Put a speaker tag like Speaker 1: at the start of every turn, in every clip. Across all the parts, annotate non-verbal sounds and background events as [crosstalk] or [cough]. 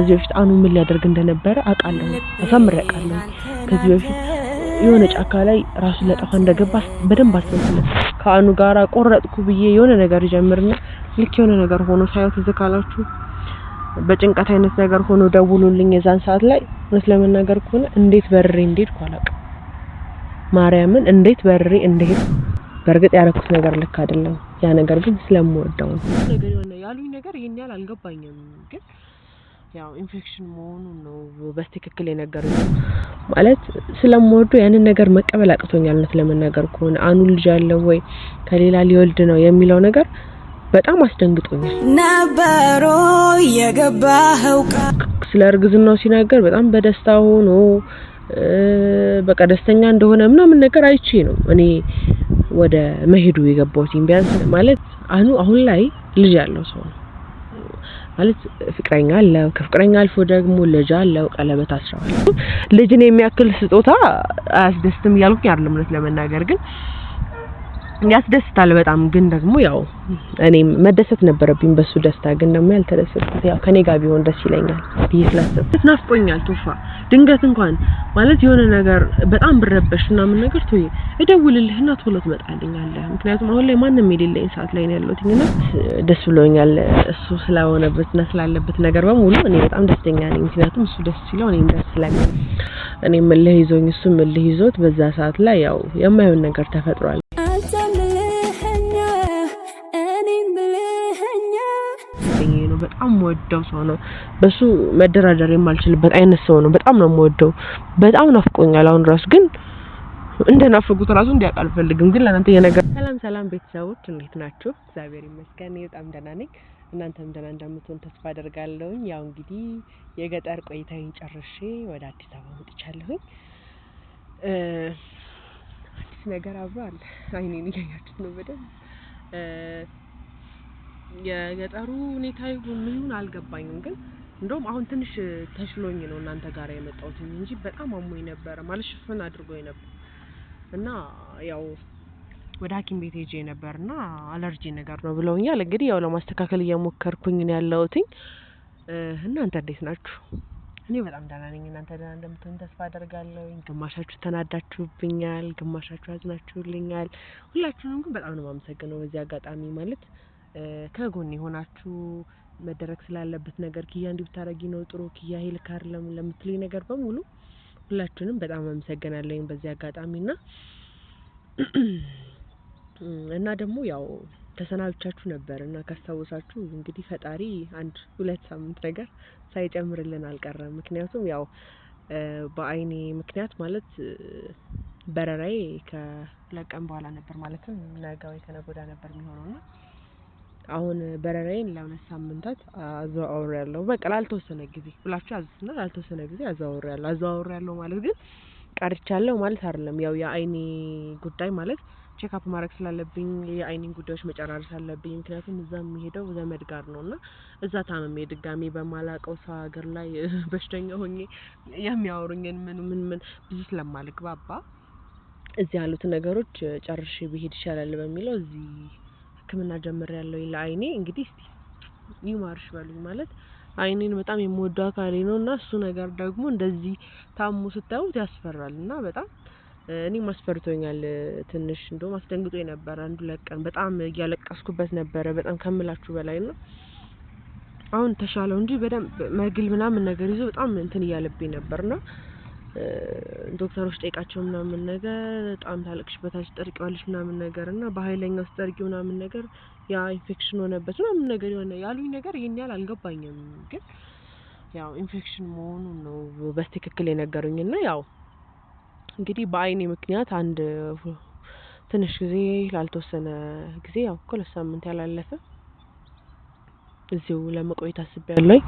Speaker 1: ከዚህ በፊት አኑ ምን ሊያደርግ እንደነበረ አውቃለሁ፣ አሳምሬ አውቃለሁ። ከዚህ በፊት የሆነ ጫካ ላይ ራሱን ሊያጠፋ እንደገባ በደንብ አስመስለ ከአኑ ጋራ ቆረጥኩ ብዬ የሆነ ነገር ይጀምርና ልክ የሆነ ነገር ሆኖ ሳየው ትዝ ካላችሁ በጭንቀት አይነት ነገር ሆኖ ደውሉልኝ። የዛን ሰዓት ላይ እውነት ለመናገር ከሆነ እንዴት በርሬ እንደሄድኩ አላውቅም። ማርያምን እንዴት በርሬ እንደሄድኩ በእርግጥ ያደረኩት ነገር ልክ አይደለም። ያ ነገር ግን ስለምወደው ነው።
Speaker 2: ነገር የሆነ ያሉኝ ነገር ይሄን ያህል አልገባኝም ግን ያው ኢንፌክሽን መሆኑን ነው በትክክል የነገር
Speaker 1: ማለት ስለምወዱ ያንን ነገር መቀበል አቅቶኛል። እውነት ለመናገር ከሆነ አኑ ልጅ ያለው ወይ ከሌላ ሊወልድ ነው የሚለው ነገር በጣም አስደንግጦኛል። ነበሮ የገባኸው ስለ እርግዝናው ሲናገር በጣም በደስታ ሆኖ በቃ ደስተኛ እንደሆነ ምናምን ነገር አይቼ ነው እኔ ወደ መሄዱ የገባሁት። ቢያንስ ማለት አኑ አሁን ላይ ልጅ ያለው ሰው ነው ማለት ፍቅረኛ አለው። ከፍቅረኛ አልፎ ደግሞ ልጅ አለው። ቀለበት አስረዋል። ልጅን የሚያክል ስጦታ አያስደስትም እያልኩኝ አይደለም እውነት ለመናገር ግን ያስደስታል በጣም ግን ደግሞ ያው እኔም መደሰት ነበረብኝ በሱ ደስታ፣ ግን ደግሞ ያልተደሰትኩት ያው ከኔ ጋር ቢሆን ደስ ይለኛል ብዬ ስላሰብኩት ናፍቆኛል። ቶፋ ድንገት እንኳን ማለት የሆነ ነገር በጣም ብረበሽ እና ምን ነገር ቶዬ እደውልልህና ቶሎ ትመጣልኛለህ። ምክንያቱም አሁን ላይ ማንም የሌለኝ ሰዓት ላይ ነው ያለሁት እና ደስ ብሎኛል። እሱ ስለሆነበት እና ስላለበት ነገር በሙሉ እኔ በጣም ደስተኛ ነኝ። ምክንያቱም እሱ ደስ ሲለው እኔም ደስ ስለሚል እኔም እልህ ይዞኝ እሱም እልህ ይዞት በዛ ሰዓት ላይ ያው የማይሆን ነገር ተፈጥሯል። በጣም ወደው ሰው ነው። በሱ መደራደር የማልችልበት አይነት ሰው ነው። በጣም ነው የምወደው። በጣም ናፍቆኛል። አሁን ራሱ ግን እንደናፈቁት ራሱ እንዲያውቅ አልፈልግም። ግን ለእናንተ የነገር
Speaker 2: ሰላም ሰላም ቤተሰቦች እንዴት ናችሁ? እግዚአብሔር ይመስገን በጣም ደህና ነኝ። እናንተም ደህና እንደምትሆን ተስፋ አደርጋለሁኝ። ያው እንግዲህ የገጠር ቆይታዬን ጨርሼ ወደ አዲስ አበባ መጥቻለሁኝ። አዲስ ነገር አብሯል። አይኔን እያያችሁት ነው በደንብ የገጠሩ ሁኔታ ይሁን ምን ይሁን አልገባኝም ግን እንደውም አሁን ትንሽ ተሽሎኝ ነው እናንተ ጋር የመጣሁት እንጂ በጣም አሞኝ ነበረ ማለት ሽፍን አድርጎ ነበር እና ያው ወደ ሀኪም ቤት ሄጄ ነበር እና አለርጂ ነገር
Speaker 1: ነው ብለውኛል እንግዲህ ያው ለማስተካከል እየሞከርኩኝ ነው ያለሁትኝ እናንተ እንዴት ናችሁ እኔ በጣም ደህና ነኝ። እናንተ ደህና እንደምትሆኑ ተስፋ አደርጋለሁ። ግማሻችሁ ተናዳችሁብኛል፣ ግማሻችሁ አዝናችሁልኛል። ሁላችሁንም ግን በጣም ነው የማመሰግነው በዚህ አጋጣሚ ማለት ከጎን የሆናችሁ መደረግ ስላለበት ነገር ክያ እንዲህ ብታደርጊ ነው ጥሩ ክያ ይሄ ልክ ነገር በሙሉ ሁላችሁንም በጣም አመሰግናለሁኝ በዚህ አጋጣሚ እና [clears throat] እና ደግሞ ያው ተሰናብቻችሁ ነበር እና ካስታወሳችሁ እንግዲህ ፈጣሪ አንድ ሁለት ሳምንት ነገር ሳይጨምርልን አልቀረም። ምክንያቱም ያው በአይኔ ምክንያት ማለት በረራዬ ከሁለት
Speaker 2: ቀን በኋላ ነበር ማለትም ነገ ወይ ከነገ ወዲያ ነበር የሚሆነው እና
Speaker 1: አሁን በረራዬን ለሁለት ሳምንታት አዘዋውር ያለው በቃ ላልተወሰነ ጊዜ ብላችሁ ያዙትና ላልተወሰነ ጊዜ አዘዋውር ያለው አዘዋውር ያለው ማለት ግን ቀርቻለሁ ማለት አይደለም። ያው የአይኔ ጉዳይ ማለት ቼክአፕ ማድረግ ስላለብኝ የአይኔን ጉዳዮች መጨራረስ አለብኝ። ምክንያቱም እዛ የሚሄደው ዘመድ ጋር ነው እና እዛ ታምሜ ድጋሜ በማላቀው ሰው ሀገር ላይ [laughs] በሽተኛ ሆኜ የሚያወሩኝን ምን ምን ምን ብዙ ስለማልግባባ እዚህ ያሉት ነገሮች ጨርሼ ብሄድ ይሻላል በሚለው እዚህ ሕክምና ጀምሬያለሁ ለአይኔ። እንግዲህ እስቲ ይማርሽ በሉኝ ማለት አይኔን በጣም የምወደው አካሌ ነው እና እሱ ነገር ደግሞ እንደዚህ ታሙ ስታዩት ያስፈራል እና በጣም እኔ ማስፈርቶኛል ትንሽ እንደውም አስደንግጦ የነበረ አንዱ ለቀን በጣም እያለቀስኩበት ነበረ በጣም ከምላችሁ በላይ ነው። አሁን ተሻለው እንጂ በደንብ መግል ምናምን ነገር ይዞ በጣም እንትን እያለብኝ ነበር ና ዶክተሮች ጠይቃቸው ምናምን ነገር በጣም ታለቅሽ በታች ጠርቂዋለች ምናምን ነገር እና በኃይለኛው ስጠርቂ ምናምን ነገር ያ ኢንፌክሽን ሆነበት ምናምን ነገር የሆነ ያሉኝ ነገር ይህን ያህል አልገባኝም፣ ግን ያው ኢንፌክሽን መሆኑን ነው በትክክል የነገሩኝ እና ያው እንግዲህ በአይኔ ምክንያት አንድ ትንሽ ጊዜ ላልተወሰነ ጊዜ ያው ከሁለት ሳምንት ያላለፈ እዚሁ ለመቆየት አስቤያለሁ።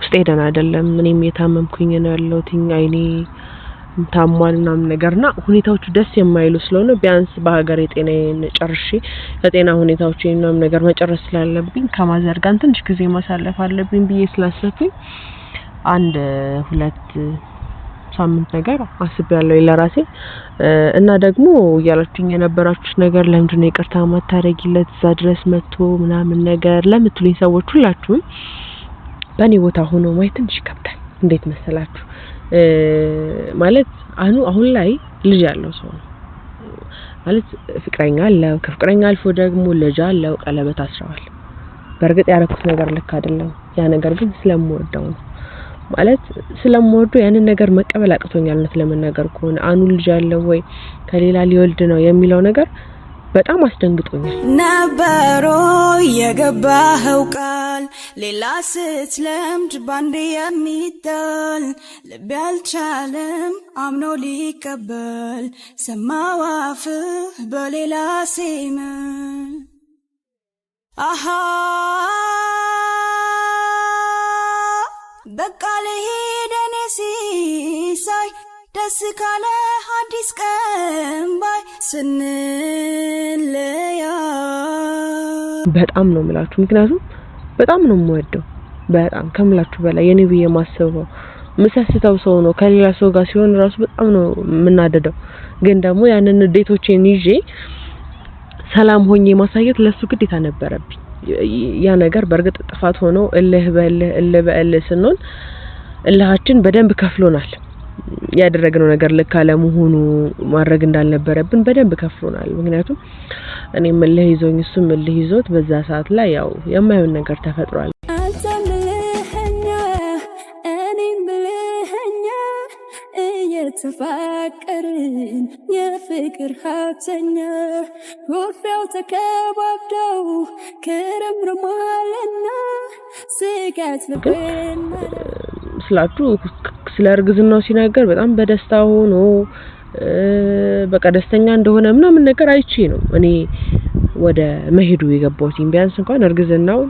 Speaker 1: ውስጤ ደህና አይደለም። እኔም የታመምኩኝ ነው ያለሁት አይኔ ታሟል ምናምን ነገር ና ሁኔታዎቹ ደስ የማይሉ ስለሆነ ቢያንስ በሀገር የጤናዬን ጨርሼ ለጤና ሁኔታዎች ምናምን ነገር መጨረስ ስላለብኝ ከማዘር ጋር ትንሽ ጊዜ ማሳለፍ አለብኝ ብዬ ስላሰብኩኝ አንድ ሁለት ሳምንት ነገር ያለው ለራሴ እና ደግሞ እያላችሁኝ የነበራችሁ ነገር ለምንድን ነው ይቅርታ ማታረጊለት እዛ ድረስ መጥቶ ምናምን ነገር ለምትሉኝ ሰዎች ሁላችሁም በእኔ ቦታ ሆኖ ማየት ትንሽ ይከብዳል። እንዴት መሰላችሁ? ማለት አሁን አሁን ላይ ልጅ ያለው ሰው ነው ማለት ፍቅረኛ አለው። ከፍቅረኛ አልፎ ደግሞ ልጅ አለው። ቀለበት አስረዋል። በእርግጥ ያደረኩት ነገር ልክ አይደለም። ያ ነገር ግን ስለምወደው ነው ማለት ስለምወደው ያንን ነገር መቀበል አቅቶኛል። ለመናገር ከሆነ አሁን ልጅ ያለው ወይ ከሌላ ሊወልድ ነው የሚለው ነገር በጣም አስደንግጦኛል። ነበሮ የገባኸው ቃል ሌላ ስትለምድ ባንዴ የሚጣል ልብ ያልቻለም አምኖ ሊቀበል ሰማዋፍህ በሌላ ሴም አሃ በቃል ልሄድ ሲሳይ ደስ ካለ አዲስ ቀን ባይ በጣም ነው የምላችሁ። ምክንያቱም በጣም ነው የምወደው በጣም ከምላችሁ በላይ የኔ ብዬ የማስበው ምሰስተው ሰው ነው። ከሌላ ሰው ጋር ሲሆን ራሱ በጣም ነው የምናደደው። ግን ደግሞ ያንን ዴቶቼን ይዤ ሰላም ሆኜ ማሳየት ለሱ ግዴታ ነበረብኝ። ያ ነገር በእርግጥ ጥፋት ሆኖ እልህ በእልህ እልህ በእልህ ስንሆን እልሃችን በደንብ ከፍሎናል። ያደረግነው ነገር ልክ አለመሆኑ ማድረግ እንዳልነበረብን በደንብ ከፍሎናል። ምክንያቱም እኔም ምልህ ይዞኝ እሱ ምልህ ይዞት በዛ ሰዓት ላይ ያው የማይሆን ነገር ተፈጥሯል። ተፋቀርን የፍቅር ሀብተኛ ወፊያው ተከባብደው ክርምርማለና ስጋት ልብን ስላችሁ ስለ እርግዝናው ሲናገር በጣም በደስታ ሆኖ በቃ ደስተኛ እንደሆነ ምናምን ነገር አይቼ ነው እኔ ወደ መሄዱ የገባሁት። ቢያንስ እንኳን እርግዝናው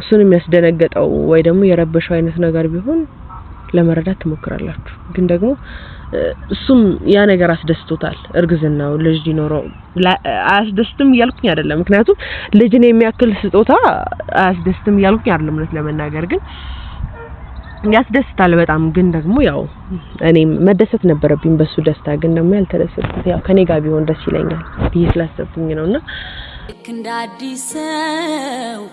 Speaker 1: እሱን የሚያስደነገጠው ወይ ደግሞ የረበሸው አይነት ነገር ቢሆን ለመረዳት ትሞክራላችሁ። ግን ደግሞ እሱም ያ ነገር አስደስቶታል። እርግዝናው ልጅ ሊኖረው አያስደስትም እያልኩኝ አይደለም። ምክንያቱም ልጅን የሚያክል ስጦታ አያስደስትም እያልኩኝ አይደለም እውነት ለመናገር ግን ያስደስታል በጣም ግን ደግሞ ያው እኔም መደሰት ነበረብኝ በሱ ደስታ፣ ግን ደግሞ ያልተደሰትኩት ያው ከኔ ጋር ቢሆን ደስ ይለኛል ብዬ ስላሰብኩኝ ነው። እና ልክ እንደ አዲስ ሰው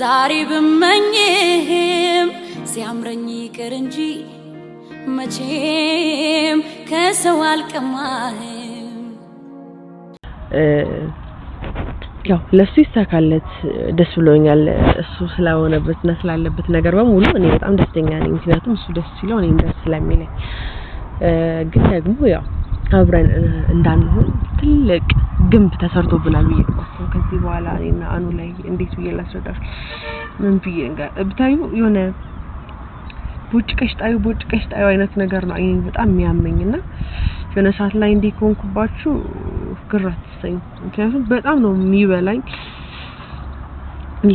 Speaker 1: ዛሬ ብመኝህም ሲያምረኝ ይቅር እንጂ መቼም ከሰው አልቀማህም። ያው ለሱ ይሳካለት ደስ ብሎኛል። እሱ ስለሆነበት እና ስላለበት ነገር በሙሉ እኔ በጣም ደስተኛ ነኝ። ምክንያቱም እሱ ደስ ሲለው እኔም ደስ ስለሚለኝ፣ ግን ደግሞ ያው አብረን እንዳንሆን ትልቅ ግንብ ተሰርቶብናል ብዬ ነው ከዚህ በኋላ እኔና አኑ ላይ እንዴት ብዬ ላስረዳችሁ? ምን ብዬ ጋር ብታዩ የሆነ ቦጭ ቀሽጣዩ ቦጭ ቀሽጣዩ አይነት ነገር ነው። እኔ በጣም የሚያመኝና የሆነ ሰዓት ላይ እንዲህ ከሆንኩባችሁ ግር አትሰኝ። ምክንያቱም በጣም ነው የሚበላኝ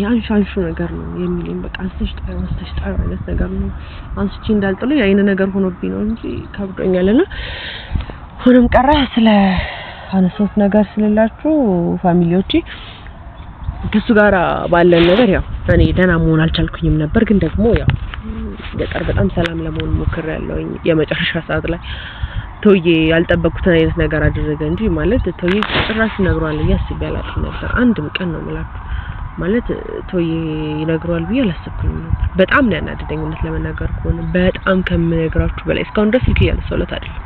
Speaker 1: ያንሻንሹ ነገር ነው የሚለኝ። በቃ አንስተሽ ጣዩ፣ አንስተሽ ጣዩ አይነት ነገር ነው። አንስቼ እንዳልጥለው የአይነ ነገር ሆኖብኝ ነው እንጂ ከብዶኛል። እና ሆኖም ቀረ ስለ አነሳሁት ነገር ስለላችሁ ፋሚሊዎቼ ከሱ ጋር ባለን ነገር ያው እኔ ደህና መሆን አልቻልኩኝም ነበር። ግን ደግሞ ያው ገጠር በጣም ሰላም ለመሆን ሞክሬያለሁኝ የመጨረሻ ሰዓት ላይ ቶዬ ያልጠበቅኩትን አይነት ነገር አደረገ እንጂ ማለት ቶዬ ጭራሽ ይነግረዋል ብዬ አስቤ አላውቅም ነበር። አንድም ቀን ነው የምላችሁ ማለት ቶዬ ይነግረዋል ብዬ አላሰብኩኝም ነበር። በጣም ነው ያናደደኝ እውነት ለመናገር ከሆነ በጣም ከምነግራችሁ በላይ እስካሁን ድረስ ስልክ እያነሳሁለት አይደለም።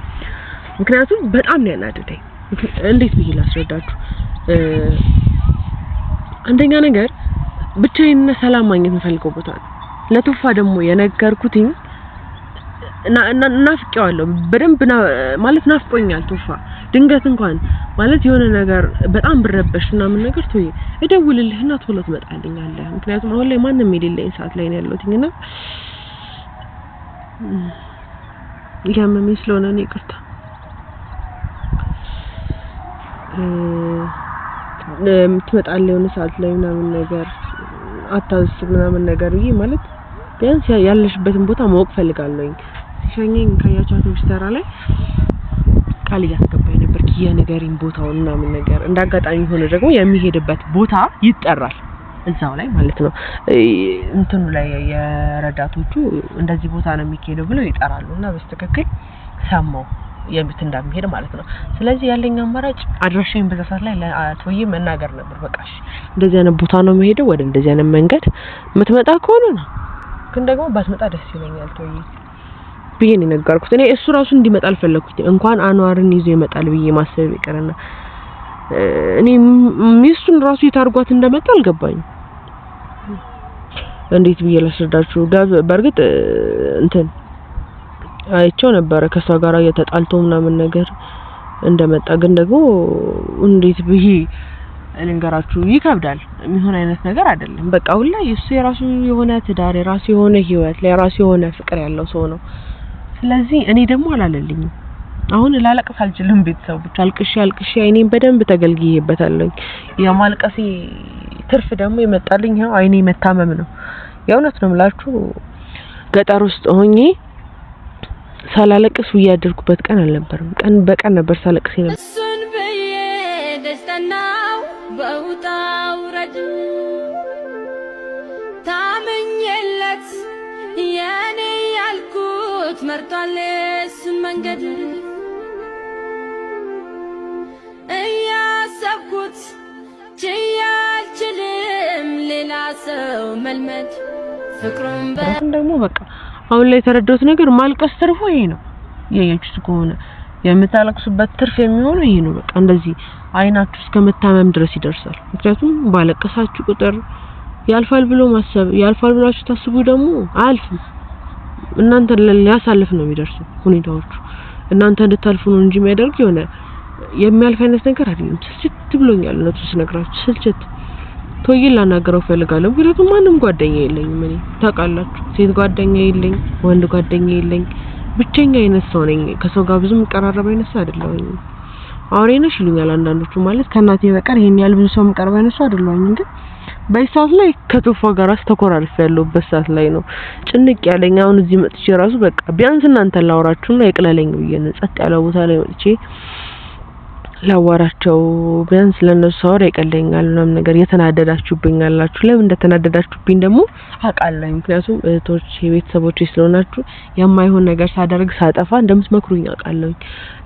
Speaker 1: ምክንያቱም በጣም ነው ያናደደኝ። እንዴት ብዬ ላስረዳችሁ? አንደኛ ነገር ብቻዬንና ሰላም ማግኘት የምፈልገው ቦታ ነው። ለቶፋ ደግሞ የነገርኩትኝ ናፍቄዋለሁ በደንብ ማለት ናፍቆኛል። ቶፋ ድንገት እንኳን ማለት የሆነ ነገር በጣም ብረበሽ ምናምን ነገር ቶዬ እደውልልህና ቶሎ ትመጣልኛለህ። ምክንያቱም አሁን ላይ ማንም የሌለኝ ሰዓት ላይ ነው ያለሁት እና እያመመኝ ስለሆነ ነው ይቅርታ። ትመጣለህ የሆነ ሰዓት ላይ ምናምን ነገር አታዝስ ምናምን ነገር ብዬ ማለት ቢያንስ ያለሽበትን ቦታ ማወቅ ፈልጋለሁኝ። ሲሸኘኝ ካያቻት አውቶቡስ ተራ ላይ ቃል እያስገባኝ ነበር የንገሪን ቦታውን ምናምን ነገር። እንደ አጋጣሚ ሆነ ደግሞ የሚሄድበት ቦታ ይጠራል እዛው ላይ ማለት ነው። እንትኑ ላይ የረዳቶቹ እንደዚህ ቦታ ነው የሚካሄደው ብለው ይጠራሉ እና በስትክክል ሰማው የምት እንደሚሄድ ማለት ነው። ስለዚህ ያለኝ አማራጭ አድራሻዬን በዛ ሰዓት ላይ ለአቶዬ መናገር ነበር። በቃሽ እንደዚህ አይነት ቦታ ነው የሚሄደው ወደ እንደዚህ አይነት መንገድ የምትመጣ ከሆነ ነው። ግን ደግሞ ባትመጣ ደስ ይለኛል ቶዬ ብዬ ነው የነገርኩት። እኔ እሱ ራሱ እንዲመጣ አልፈለኩትም። እንኳን አንዋርን ይዞ ይመጣል ብዬ ማሰብ ይቀርና እኔ ሚስቱን ራሱ የታርጓት እንደመጣ አልገባኝ። እንዴት ብዬ ላስረዳችሁ? ጋዝ በእርግጥ እንትን አይቼው ነበረ ከሷ ጋር እየተጣልቶ ምናምን ነገር እንደመጣ ግን ደግሞ እንዴት ብዬ ልንገራችሁ ይከብዳል። የሚሆን አይነት ነገር አይደለም። በቃ ሁላ እሱ የራሱ የሆነ ትዳር፣ የራሱ የሆነ ህይወት፣ ለራሱ የሆነ ፍቅር ያለው ሰው ነው። ስለዚህ እኔ ደግሞ አላለልኝም። አሁን ላለቅስ አልችልም። ቤተሰቦች አልቅሼ አልቅሼ አይኔን በደንብ ተገልግዬበታለሁ። የማልቀሴ ትርፍ ደግሞ የመጣልኝ ያው አይኔ መታመም ነው። የእውነት ነው የምላችሁ ገጠር ውስጥ ሆኜ ሳላለቅስ ውዬ ቀን አልነበርም። ቀን በቀን ነበር ሳለቅስ ነበር። እሱን ብዬ ደስተናው በውጣ ውረድ ታመኝለት ሞት መርጧል የሱን መንገድ እያሰብኩት ችያልችልም ሌላ ሰው መልመድ ፍቅሩን ደግሞ በቃ አሁን ላይ የተረዳሁት ነገር ማልቀስ ትርፎ ይሄ ነው። ያያችሁት ከሆነ የምታለቅሱበት ትርፍ የሚሆነው ይሄ ነው። በቃ እንደዚህ አይናችሁ እስከ መታመም ድረስ ይደርሳል። ምክንያቱም ባለቀሳችሁ ቁጥር ያልፋል ብሎ ማሰብ ያልፋል ብላችሁ ታስቡ ደግሞ አያልፍም። እናንተ ሊያሳልፍ ነው የሚደርሱ ሁኔታዎቹ እናንተ እንድታልፉ ነው እንጂ የሚያደርግ የሆነ የሚያልፍ አይነት ነገር አይደለም። ስልችት ብሎኛል፣ እውነቱን ስነግራችሁ ስልችት። ቶዬን ላናገረው ፈልጋለሁ። ምክንያቱም ማንም ጓደኛ የለኝም። እኔ ታውቃላችሁ፣ ሴት ጓደኛ የለኝ፣ ወንድ ጓደኛ የለኝ፣ ብቸኛ አይነት ሰው ነኝ። ከሰው ጋር ብዙ የምቀራረብ አይነት ሰው አይደለሁም። አውሬ ነሽ ይሉኛል አንዳንዶቹ። ማለት ከእናቴ በቀር ይሄን ያህል ብዙ ሰው የምቀርብ አይነት ሰው አይደለሁም ግን በዚህ ሰዓት ላይ ከቶፋ ጋር አስተኮራልፍ ያለሁበት ሰዓት ላይ ነው ጭንቅ ያለኝ። አሁን እዚህ መጥቼ ራሱ በቃ ቢያንስ እናንተ ላወራችሁና ይቅለለኝ ብዬ ነው ጸጥ ያለ ቦታ ላይ መጥቼ ላዋራቸው። ቢያንስ ለነሱ ሰው ይቀለኛል ምናምን ነገር የተናደዳችሁብኝ አላችሁ። ለምን እንደተናደዳችሁብኝ ደግሞ አውቃለሁ። ምክንያቱም እህቶች ቤተሰቦች ስለሆናችሁ የማይሆን ነገር ሳደርግ ሳጠፋ እንደምትመክሩኝ አውቃለሁ።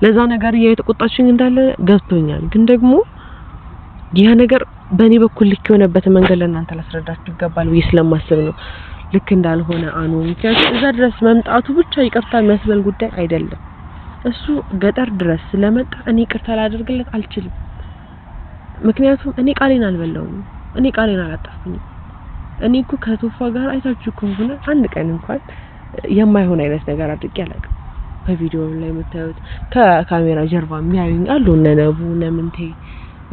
Speaker 1: ለዛ ነገር እያ የተቆጣችሁኝ እንዳለ ገብቶኛል። ግን ደግሞ ያ ነገር በእኔ በኩል ልክ የሆነበት መንገድ ለእናንተ ላስረዳችሁ ይገባል ብዬ ስለማስብ ነው። ልክ እንዳልሆነ አኑ ምክንያቱም እዛ ድረስ መምጣቱ ብቻ ይቅርታ የሚያስበል ጉዳይ አይደለም። እሱ ገጠር ድረስ ስለመጣ እኔ ይቅርታ ላደርግለት አልችልም። ምክንያቱም እኔ ቃሌን አልበላውም፣ እኔ ቃሌን አላጠፍኩኝም። እኔ እኮ ከቶፋ ጋር አይታችሁ ከሆነ አንድ ቀን እንኳን የማይሆን አይነት ነገር አድርጌ አላውቅም። በቪዲዮ ላይ የምታዩት ከካሜራ ጀርባ የሚያዩኝ አሉ እነ ነቡ እነ ምንቴ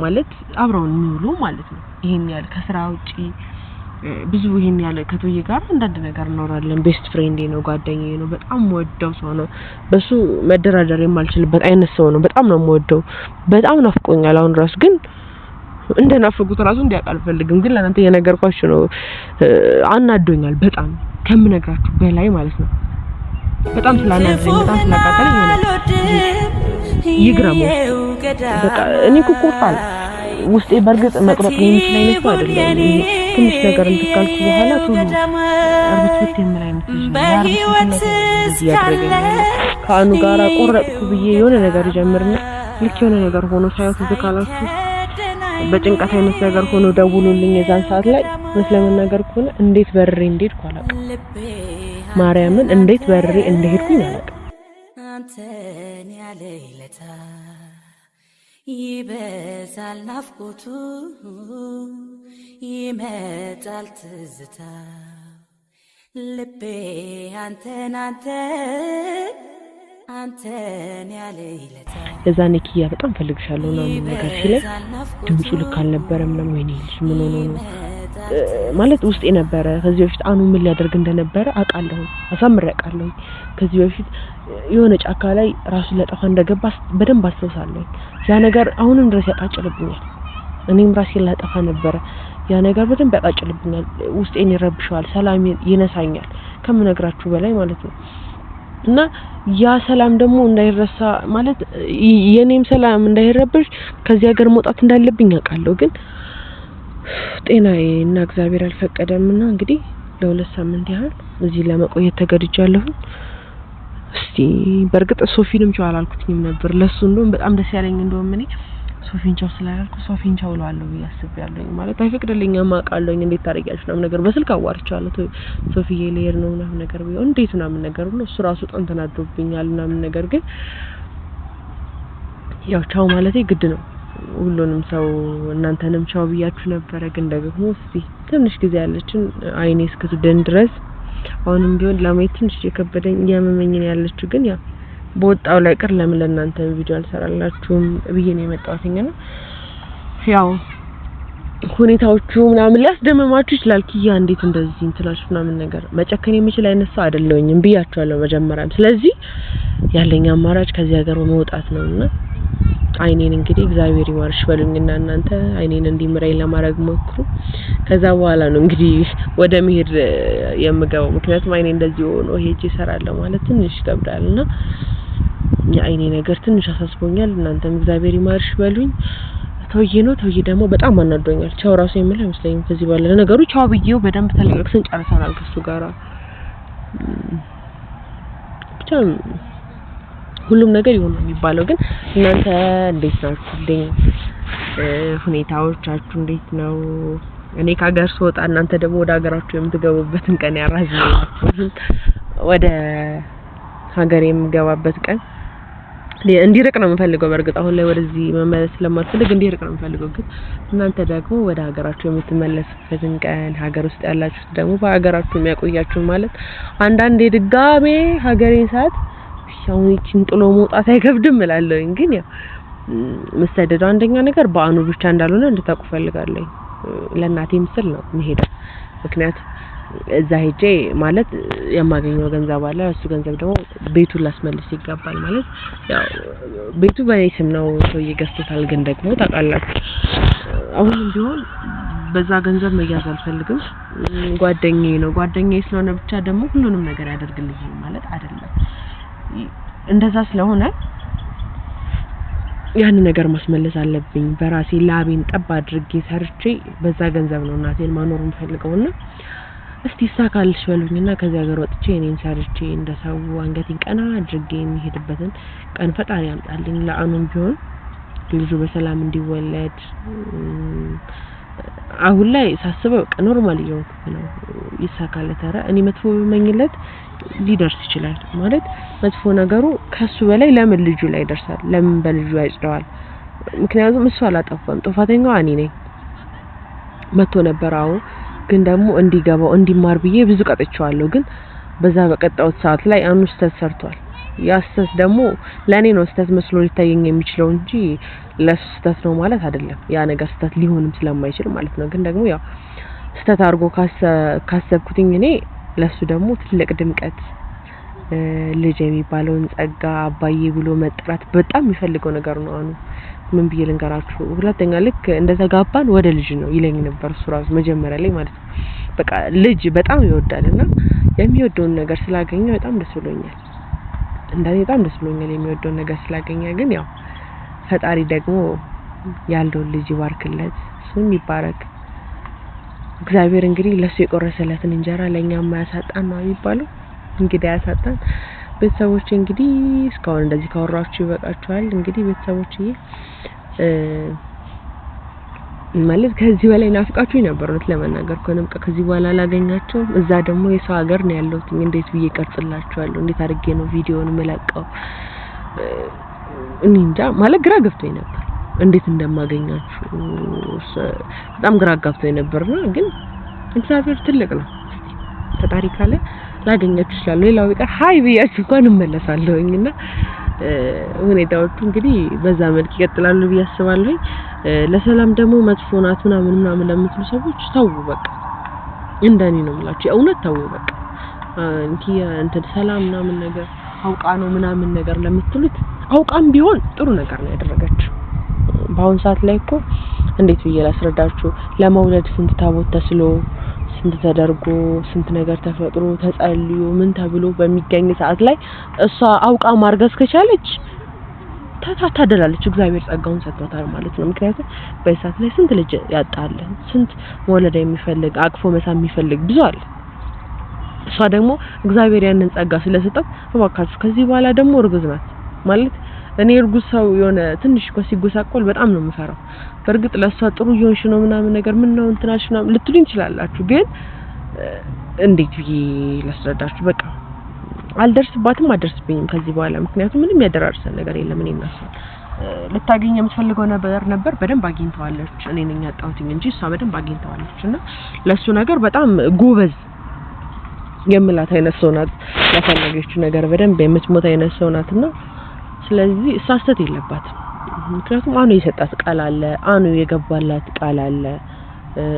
Speaker 1: ማለት አብረውን የሚውሉ ማለት ነው። ይሄን ያህል ከስራ ውጪ ብዙ ይሄን ያህል ከቶዬ ጋር አንዳንድ ነገር እኖራለን። ቤስት ፍሬንዴ ነው፣ ጓደኛዬ ነው። በጣም የምወደው ሰው ነው። በሱ መደራደር የማልችልበት አይነት ሰው ነው። በጣም ነው የምወደው። በጣም ናፍቆኛል። አሁን ራሱ ግን እንደናፈቁት ራሱ እንዲያውቅ አልፈልግም። ግን ለእናንተ የነገርኳችሁ ነው። አናዶኛል በጣም ከምነግራችሁ በላይ ማለት ነው። በጣም ስላናደኝ በጣም ስላቃጠለኝ ይግረሙ። በቃ እኔ እኮ ቆርጣል ውስጤ በእርግጥ መቁረጥ የሚችል አይነት አይደለም። ትንሽ ነገር እንትካልኩ በኋላ ቶሎ የምል አይነት ከአኑ ጋር ቆረጥኩ ብዬ የሆነ ነገር ጀምርና ልክ የሆነ ነገር ሆኖ ሳያት በጭንቀት አይነት ነገር ሆኖ የዛን ሰዓት ላይ ከሆነ እንዴት በርሬ እንደሄድኩ አላውቅም። ማርያምን እንዴት በርሬ እንደሄድኩኝ አላውቅም። አንተን ያለ ይለታ ይበዛል ናፍቆቱ ይመጣል ትዝታ ልቤ አንተን አንተን አንተን ያለ ይለታ የዛኔ ኪያ በጣም ፈልግሻለሁ ምናምን ነገር ሲለኝ ድምፁ ልክ አልነበረም። ምናምን ወይኔ ልጅ ምን ሆኖ ነው ማለት ውስጤ ነበረ ከዚህ በፊት አኑ ምን ሊያደርግ እንደነበረ አውቃለሁ፣ አሳምሬ አውቃለሁ። ከዚህ በፊት የሆነ ጫካ ላይ ራሱን ሊያጠፋ እንደገባ በደንብ አስታውሳለሁ። ያ ነገር አሁንም ድረስ ያቃጭልብኛል። እኔም ራሴን ላጠፋ ነበረ። ያ ነገር በደንብ ያቃጭልብኛል፣ ውስጤን ይረብሸዋል፣ ሰላም ይነሳኛል ከምነግራችሁ በላይ ማለት ነው። እና ያ ሰላም ደግሞ እንዳይረሳ ማለት የኔም ሰላም እንዳይረብሽ ከዚህ ሀገር መውጣት እንዳለብኝ አውቃለሁ ግን ጤናዬ እና እግዚአብሔር አልፈቀደም እና እንግዲህ ለሁለት ሳምንት ያህል እዚህ ለመቆየት ተገድጃለሁ። እስቲ በእርግጥ ሶፊንም ቻው አላልኩትኝም ነበር። ለሱ እንደውም በጣም ደስ ያለኝ እንደውም እኔ ሶፊን ቻው ስላላልኩ ሶፊን ቻው እለዋለሁ ብዬ አስቤያለሁ። ማለት አይፈቅድልኝም አውቃለሁኝ። እንዴት ታደርጊያለሽ ምናምን ነገር በስልክ አዋርቻለሁ። ሶፊዬ ልሄድ ነው ምናምን ነገር ብዬ እንዴት ምናምን ነገር ሁሉ እሱ ራሱ በጣም ተናዶብኛል ምናምን ነገር ግን ያው ቻው ማለቴ ግድ ነው። ሁሉንም ሰው እናንተንም ቻው ብያችሁ ነበረ። ግን ደግሞ እስቲ ትንሽ ጊዜ ያለችን አይኔ እስክትድን ድረስ አሁንም ቢሆን ለማየት ትንሽ የከበደኝ እያመመኝን ያለችው ግን ያው በወጣው ላይ ቅር ለምን ለእናንተ ቪዲዮ አልሰራላችሁም ብዬ ነው የመጣሁትኝ ነው ያው ሁኔታዎቹ ምናምን ሊያስደምማችሁ ይችላል። ኪያ እንዴት እንደዚህ እንትላችሁ ምናምን ነገር መጨከን የሚችል አይነት ሰው አይደለሁኝም ብያችኋለሁ መጀመሪያም። ስለዚህ ያለኝ አማራጭ ከዚህ ሀገር በመውጣት ነው እና አይኔን እንግዲህ እግዚአብሔር ይማርሽ በሉኝና እናንተ አይኔን እንዲምረኝ ለማድረግ ሞክሩ። ከዛ በኋላ ነው እንግዲህ ወደ መሄድ የምገባው። ምክንያቱም አይኔ እንደዚህ ሆኖ ሄጅ እሰራለሁ ማለት ትንሽ ይከብዳል እና የአይኔ ነገር ትንሽ አሳስቦኛል። እናንተም እግዚአብሔር ይማርሽ በሉኝ። ተውዬ ነው ተውዬ ደግሞ በጣም አናዶኛል። ቻው ራሱ የምለው አይመስለኝም ከዚህ በኋላ ለነገሩ ቻው ብዬው በደንብ ተለቃቅሰን ጨርሰናል ከሱ ጋራ ብቻ ሁሉም ነገር ይሆናል የሚባለው ግን እናንተ እንዴት ናችሁልኝ? ሁኔታዎቻችሁ እንዴት ነው? እኔ ከሀገር ስወጣ እናንተ ደግሞ ወደ ሀገራችሁ የምትገቡበትን ቀን ያራዝምላችሁ። ወደ ሀገር የምገባበት ቀን እንዲርቅ ነው የምፈልገው። በእርግጥ አሁን ላይ ወደዚህ መመለስ ስለማልፈልግ እንዲርቅ ነው የምፈልገው። ግን እናንተ ደግሞ ወደ ሀገራችሁ የምትመለሱበትን ቀን ሀገር ውስጥ ያላችሁት ደግሞ በሀገራችሁ የሚያቆያችሁ ማለት አንዳንዴ ድጋሜ ሀገሬ ሰዓት አሁን ይችን ጥሎ መውጣት አይከብድም እላለሁኝ። ግን ያው መሰደዱ አንደኛ ነገር በአኑ ብቻ እንዳልሆነ እንድታውቁ ፈልጋለሁ። ለእናቴ ምስል ነው መሄደው። ምክንያት እዛ ሄጄ ማለት የማገኘው ገንዘብ አለ። እሱ ገንዘብ ደግሞ ቤቱን ላስመልስ ይገባል። ማለት ያው ቤቱ በእኔ ስም ነው፣ ሰውዬ ገዝቶታል። ግን ደግሞ ታውቃላችሁ፣ አሁንም ቢሆን በዛ ገንዘብ መያዝ አልፈልግም። ጓደኛዬ ነው፣ ጓደኛዬ ስለሆነ ብቻ ደግሞ ሁሉንም ነገር ያደርግልኝ ማለት አይደለም። እንደዛ ስለሆነ ያን ነገር ማስመለስ አለብኝ። በራሴ ላቤን ጠብ አድርጌ ሰርቼ በዛ ገንዘብ ነው እናቴን ማኖር የምፈልገው እስቲ ይሳካልሽ በሉኝና ከዚህ ሀገር ወጥቼ እኔን ሰርቼ እንደ ሰው አንገቴን ቀና አድርጌ የሚሄድበትን ቀን ፈጣሪ ያምጣልኝ። ለአኑም ቢሆን ልጁ በሰላም እንዲወለድ አሁን ላይ ሳስበው በቃ ኖርማል እየሆንኩት ነው። ይሳካለት። ኧረ እኔ መጥፎ ብመኝለት ሊደርስ ይችላል ማለት መጥፎ ነገሩ ከሱ በላይ ለምን ልጁ ላይ ይደርሳል? ለምን በልጁ ያጭደዋል? ምክንያቱም እሱ አላጠፋም፣ ጥፋተኛው እኔ ነኝ። መጥቶ ነበር አዎ፣ ግን ደግሞ እንዲገባው እንዲማር ብዬ ብዙ ቀጥቼዋለሁ። ግን በዛ በቀጣሁት ሰዓት ላይ አንዱ ስህተት ሰርቷል። ያ ስህተት ደግሞ ለእኔ ነው ስህተት መስሎ ሊታየኝ የሚችለው እንጂ ለሱ ስህተት ነው ማለት አይደለም። ያ ነገር ስህተት ሊሆንም ስለማይችል ማለት ነው። ግን ደግሞ ያው ስህተት አድርጎ ካሰብኩትኝ እኔ ለሱ ደግሞ ትልቅ ድምቀት ልጅ የሚባለውን ጸጋ አባዬ ብሎ መጠራት በጣም የሚፈልገው ነገር ነው። አሁኑ ምን ብዬ ልንገራችሁ። ሁለተኛ ልክ እንደተጋባን ወደ ልጅ ነው ይለኝ ነበር እሱ ራሱ መጀመሪያ ላይ ማለት ነው። በቃ ልጅ በጣም ይወዳል እና የሚወደውን ነገር ስላገኘ በጣም ደስ ብሎኛል። እንደኔ በጣም ደስ ብሎኛል የሚወደውን ነገር ስላገኘ። ግን ያው ፈጣሪ ደግሞ ያለውን ልጅ ይባርክለት፣ እሱም ይባረክ። እግዚአብሔር እንግዲህ ለሱ የቆረሰለትን እንጀራ ለእኛ ማያሳጣን ነው የሚባለው። እንግዲህ አያሳጣን። ቤተሰቦች እንግዲህ እስካሁን እንደዚህ ካወራችሁ ይበቃችኋል። እንግዲህ ቤተሰቦች ማለት ከዚህ በላይ ናፍቃችሁ ነበር ነው ለመናገር ከሆነ በቃ ከዚህ በኋላ አላገኛችሁም። እዛ ደግሞ የሰው ሀገር ነው ያለሁት። እንዴት ብዬ ቀርጽላችኋለሁ? እንዴት አድርጌ ነው ቪዲዮውን የምለቀው? እኔ እንጃ ማለት ግራ ገብቶኝ ነበር። እንዴት እንደማገኛችሁ በጣም ግራ አጋብቶ የነበርና ግን እግዚአብሔር ትልቅ ነው። ፈጣሪ ካለ ላገኛችሁ ይችላል። ሌላው ቢቀር ሀይ ብያችሁ እንኳን እመለሳለሁኝ እና ሁኔታዎቹ እንግዲህ በዛ መልክ ይቀጥላሉ ብዬ አስባለሁ። ለሰላም ደግሞ መጥፎ ናት ምናምን ምናምን ለምትሉ ሰዎች ተው በቃ እንደኔ ነው የምላችሁ። የእውነት ተው በቃ እንኪ እንትን ሰላም ምናምን ነገር አውቃ ነው ምናምን ነገር ለምትሉት አውቃም ቢሆን ጥሩ ነገር ነው ያደረገችው። በአሁን ሰዓት ላይ እኮ እንዴት ብዬ ላስረዳችሁ፣ ለመውለድ ስንት ታቦት ተስሎ ስንት ተደርጎ ስንት ነገር ተፈጥሮ ተጸልዮ ምን ተብሎ በሚገኝ ሰዓት ላይ እሷ አውቃ ማርገዝ ከቻለች ታደላለች? እግዚአብሔር ጸጋውን ሰጥቷታል ማለት ነው። ምክንያቱም በዚህ ሰዓት ላይ ስንት ልጅ ያጣል፣ ስንት መውለድ የሚፈልግ አቅፎ መሳ የሚፈልግ ብዙ አለ። እሷ ደግሞ እግዚአብሔር ያንን ጸጋ ስለሰጣት እባካችሁ ከዚህ በኋላ ደግሞ እርግዝ ናት ማለት እኔ እርጉዝ ሰው የሆነ ትንሽ እኮ ሲጎሳቆል በጣም ነው የምፈራው። በእርግጥ ለእሷ ጥሩ እየሆንሽ ነው ምናምን ነገር ምን ነው እንትናሽ ምናምን ልትሉኝ ትችላላችሁ። ግን እንዴት ብዬ ላስረዳችሁ? በቃ አልደርስባትም፣ አደርስብኝም ከዚህ በኋላ ምክንያቱም ምንም ያደራርሰን ነገር የለም። እኔ እናስል ልታገኝ የምትፈልገው ነገር ነበር በደንብ አግኝተዋለች። እኔ ነኝ ያጣሁትኝ እንጂ እሷ በደንብ አግኝተዋለች። እና ለእሱ ነገር በጣም ጎበዝ የምላት አይነት ሰው ናት። ለፈለገችው ነገር በደንብ የምትሞት አይነት ሰው ናት እና ስለዚህ እሷ ስህተት የለባትም። ምክንያቱም አኑ የሰጣት ቃል አለ፣ አኑ የገባላት ቃል አለ።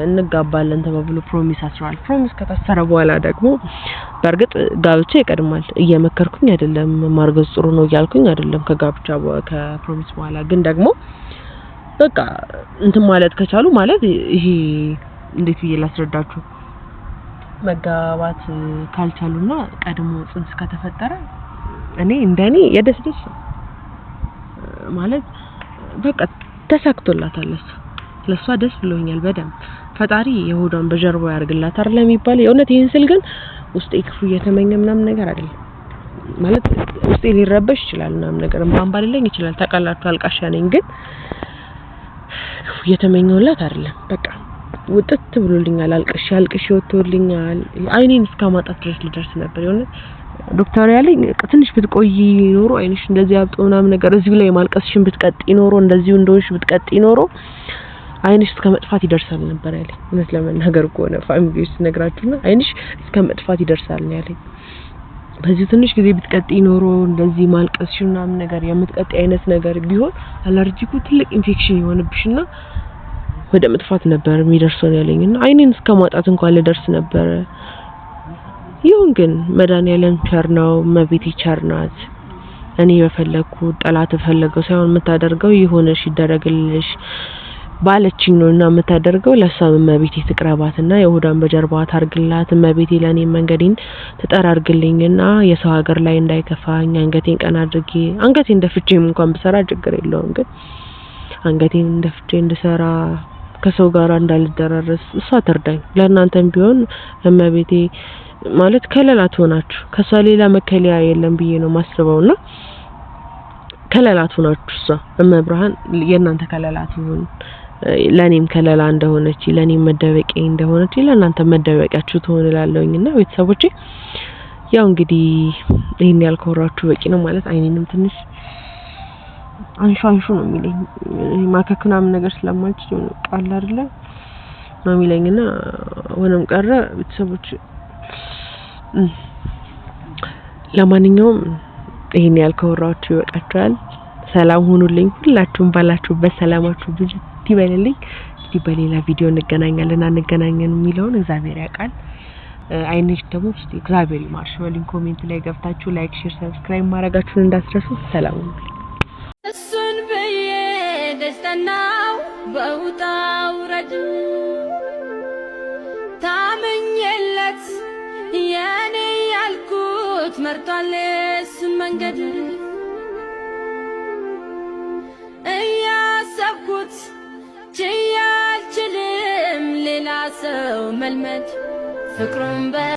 Speaker 1: እንጋባለን ተባብሎ ፕሮሚስ አስሯል። ፕሮሚስ ከታሰረ በኋላ ደግሞ በእርግጥ ጋብቻ ይቀድማል። እየመከርኩኝ አይደለም፣ ማርገዝ ጥሩ ነው እያልኩኝ አይደለም። ከጋብቻ ከፕሮሚስ በኋላ ግን ደግሞ በቃ እንትን ማለት ከቻሉ ማለት ይሄ እንዴት ብዬ ላስረዳችሁ፣
Speaker 2: መጋባት ካልቻሉና ቀድሞ ጽንስ ከተፈጠረ
Speaker 1: እኔ እንደኔ የደስ ደስ ማለት በቃ ተሳክቶላታል። እሷ ለእሷ ደስ ብሎኛል በደንብ ፈጣሪ የሆዷን በጀርባ ያርግላት አይደለም የሚባለው የእውነት ይህን ስል ግን ውስጤ ክፉ እየተመኘ ምናምን ነገር አይደለም ማለት ውስጤ ሊረበሽ ይችላል ምናምን ነገር ባንባልልኝ ይችላል ታውቃላችሁ አልቃሻ ነኝ ግን ክፉ እየተመኘሁላት አይደለም በቃ ውጥት ብሎልኛል አልቅሽ አልቅሽ ወጥቶልኛል አይኔን እስከ ማጣት ድረስ ልደርስ ነበር የእውነት ዶክተር ያለኝ ትንሽ ብትቆይ ኖሮ አይንሽ እንደዚህ አብጦ ምናምን ነገር እዚሁ ላይ ማልቀስሽን ብትቀጥ ኖሮ እንደዚሁ እንደሆንሽ ብትቀጥ ኖሮ አይንሽ እስከ መጥፋት ይደርሳል ነበር ያለኝ። እውነት ለመናገር ከሆነ ውስጥ ነግራችሁና አይንሽ እስከ መጥፋት ይደርሳል ነው ያለኝ። በዚህ ትንሽ ጊዜ ብትቀጥ ኖሮ እንደዚህ ማልቀስሽን ምናምን ነገር የምትቀጥ አይነት ነገር ቢሆን አለርጂኩ ትልቅ ኢንፌክሽን ይሆንብሽና ወደ መጥፋት ነበር የሚደርሰው ያለኝና አይኔን እስከ ማጣት እንኳን ልደርስ ነበረ። ይሁን ግን መድኃኒዓለም ቸር ነው። እመቤቴ ቸር ናት። እኔ በፈለግኩት ጠላት በፈለገው ሳይሆን የምታደርገው ይሁንሽ ይደረግልሽ ባለችኝ ነው እና የምታደርገው። ለእሷም እመቤቴ ትቅረባት እና የሁዳን በጀርባዋ ታርግላት። እመቤቴ ለእኔ መንገዴን ትጠራርግልኝ እና የሰው ሀገር ላይ እንዳይከፋኝ አንገቴን ቀና አድርጌ አንገቴን እንደፍቼም እንኳን ብሰራ ችግር የለውም ግን አንገቴን እንደፍቼ እንድሰራ ከሰው ጋር እንዳልደራረስ እሷ ትርዳኝ። ለእናንተም ቢሆን እመቤቴ ማለት ከለላት ሆናችሁ ከሷ ሌላ መከለያ የለም ብዬ ነው ማስበው እና ከለላት ትሆናችሁ እሷ እመብርሃን የእናንተ ከለላት ትሆን ለእኔም ከለላ እንደሆነች ለእኔም መደበቂያ እንደሆነች ለእናንተ መደበቂያችሁ ትሆን እላለሁኝ እና ቤተሰቦቼ ያው እንግዲህ ይህን ያልኮራችሁ በቂ ነው ማለት አይኔንም ትንሽ አንሹ አንሹ ነው የሚለኝ ማከክ ምናምን ነገር ስለማልችል ቃል አይደለ ነው የሚለኝና ሆነም ቀረ ቤተሰቦች ለማንኛውም ይህን ያህል ካወራኋችሁ ይበቃችኋል። ሰላም ሁኑልኝ። ሁላችሁም ባላችሁበት ሰላማችሁ ብዙ ይበልልኝ። እንግዲህ በሌላ ቪዲዮ እንገናኛለን። አንገናኘን የሚለውን እግዚአብሔር ያውቃል። አይነች ደግሞ እግዚአብሔር ይማርሽ በሉኝ። ኮሜንት ላይ ገብታችሁ ላይክ፣ ሼር፣ ሰብስክራይብ ማድረጋችሁን እንዳትረሱ። ሰላም ሁኑልኝ። እሱን ብዬ ደስተናው በውጣ ውረድ መርጧል የሱን መንገድ እያሰብኩት ችዬ አልችልም ሌላ ሰው መልመድ ፍቅሩን